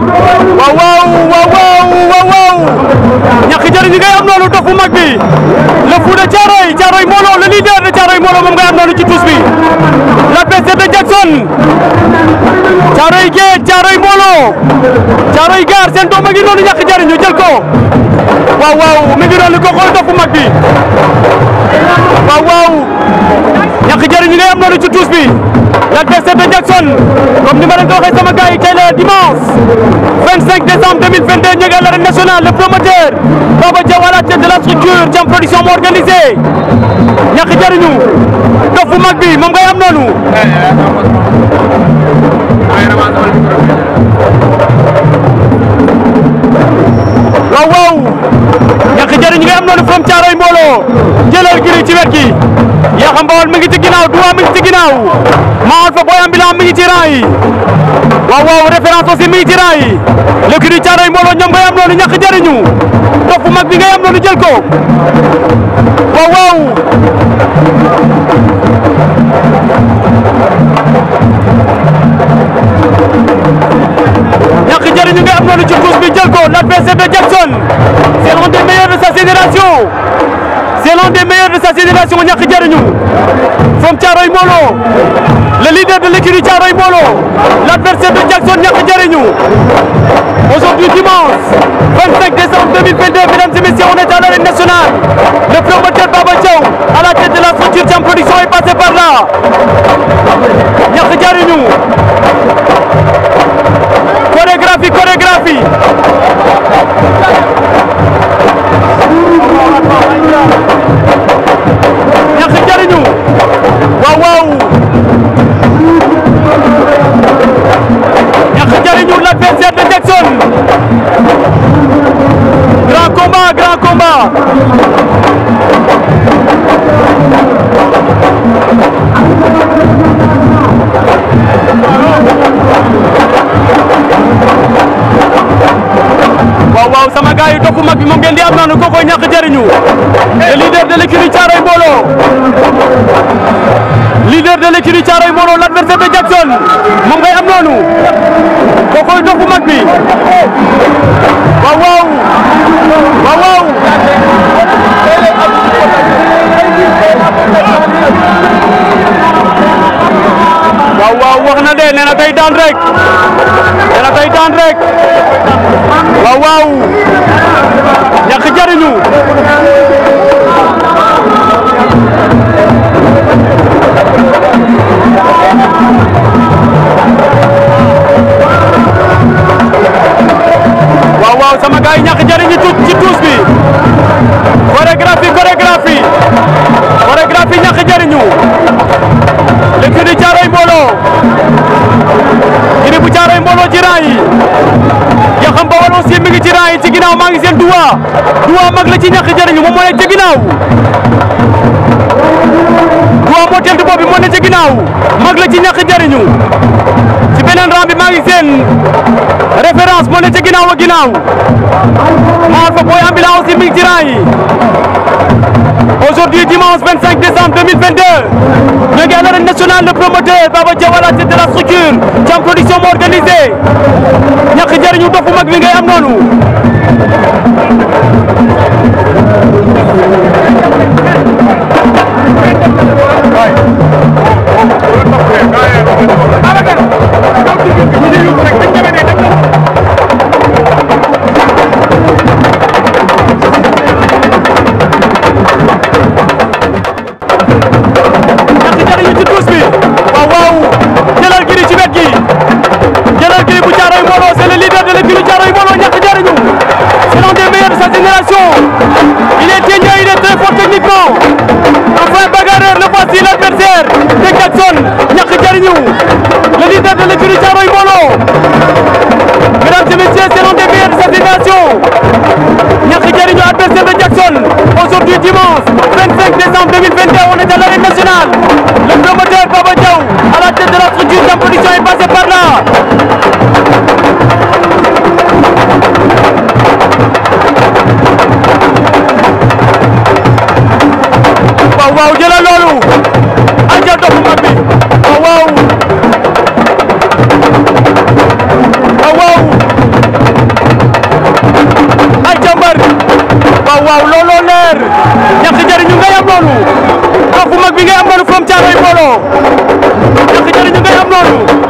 waaw waaw waaw waaw waaw ñàkk jëriñu ngay noonu dofu mag bi le fou de Thiaroye Thiaroye Molo le leader de Thiaroye Molo moom ngay am noonu ci tous bi la peste de Jackson Thiaroye Géej Thiaroye Molo Thiaroye Gare seen a ngi noonu ñàkk jëriñu jël ko waaw mi ngi noonu noonu ci tous bi Lac de Jackson comme ni ma leen ko waxee sama gars yi tey la dimanche 25 décembre 2022 ñu ngi à l'arène nationale le promoteur Baba Diaw à la tête de la structure Jam Production moo organisé ñàkk jariñu dof bu mag bi moom ngay am noonu. waaw waaw ñàkk jariñu ngay am noonu from Thiaroye Mbolo jëlal giri ci wet gi. Yakham Baol mi dua ci ginnaaw Doua mi ngi ci ginnaaw Ma Alpha Boy Ambulant mi ngi ci rang yi waaw waaw référence aussi mi ngi ci rang yi léegi di caaroy mbooloo ñoom ngay am loolu ñàkk jariñu dox bu mag bi ngay am loolu jël ko l'adversaire de Jackson c'est l'un des meilleurs de sa génération C'est l'un des meilleurs de sa génération, Nyaki Djarignou. From Tcharoy Molo, le leader de l'équipe de Tcharoy Molo, l'adversaire de Jackson Nyaki Djarignou. Aujourd'hui, dimanche, 25 décembre 2022, mesdames et messieurs, on est à l'arène nationale. Le promoteur Babachon, à la tête de la structure de Production est passé par là. waaw waaw sama gars dokku mag bi moom di am noonu kookoy ñàkk jëriñu le leader de l'écurie Thiaroye Mbolo leader de l'écurie Thiaroye Mbolo l'adversaire de Jackson moom am noonu kookoy dokku mag bi nee na day daan rek nee na day daan rek waaw waaw ñàkk jariñu waaw waaw sama gaay ñàkk jariñu tut ci tuus bi chorégraphie chorégraphie chorégraphie ñàkk jariñu mbooloo ci rang yi Yakham Bawol aussi mi ngi ci maa ngi seen duwaa duwaa mag la ci ñàkk moo moo teel bopp bi moo maa ngi seen référence moo nekk ci maa fa booy ambila aussi mi ngi Aujourd'hui, dimanche 25 décembre 2022, le galère national, le promoteur, Baba la c'est de la structure, Jam Production m'a organisé. Nous Jackson, dégg zone le leader de l'écurie Roy mesdames et messieurs c'est l'un des meilleurs nation, ñàkk a adversaire de Jackson aujourd'hui dimanche 25 décembre 2021 on est à l'arrêt nationale le promoteur Baba à la tête de la du est passé par waaw waaw looloo leer ñàkk jëriñu ngay am loolu dox bu mag bi ngay am loolu from caaray booloo ñàkk jëriñu am loolu